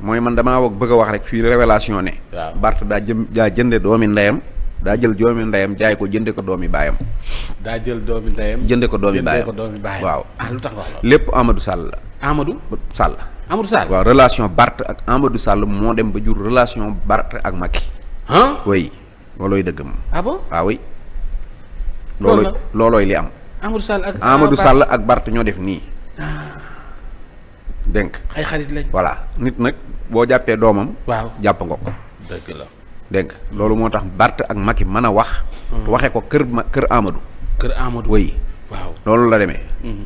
mooy man damaa wog bëgg a wax rek fii révélation ne waaw daa jëm daa jënde doomi ndeyam daa jël doomi ndeyam jaay ko jënde ko doomi baayam daa jël doomi ndeyam jënde ko doomi baayam waaw ah lu tax wax lépp amadu Sall la Amadou Sall Amadou Sall waaw relation bart ak Amadou Sall moo dem ba jur relation Barth ak Macky ah, ah oui loolooy dëgg moom waaw oui loolooy loolooy li am Amadou Sall ak Amadou ah, Sall ak Barth ñoo def nii dénk ay xarit lañ voilà nit nag boo jàppee doomam waaw jàpp nga ko dëgg la dégg loolu moo tax Bart ak Macky mën a wax hmm. waxee ko kër ma kër Amadou kër Amadou oui waaw loolu la demee hmm.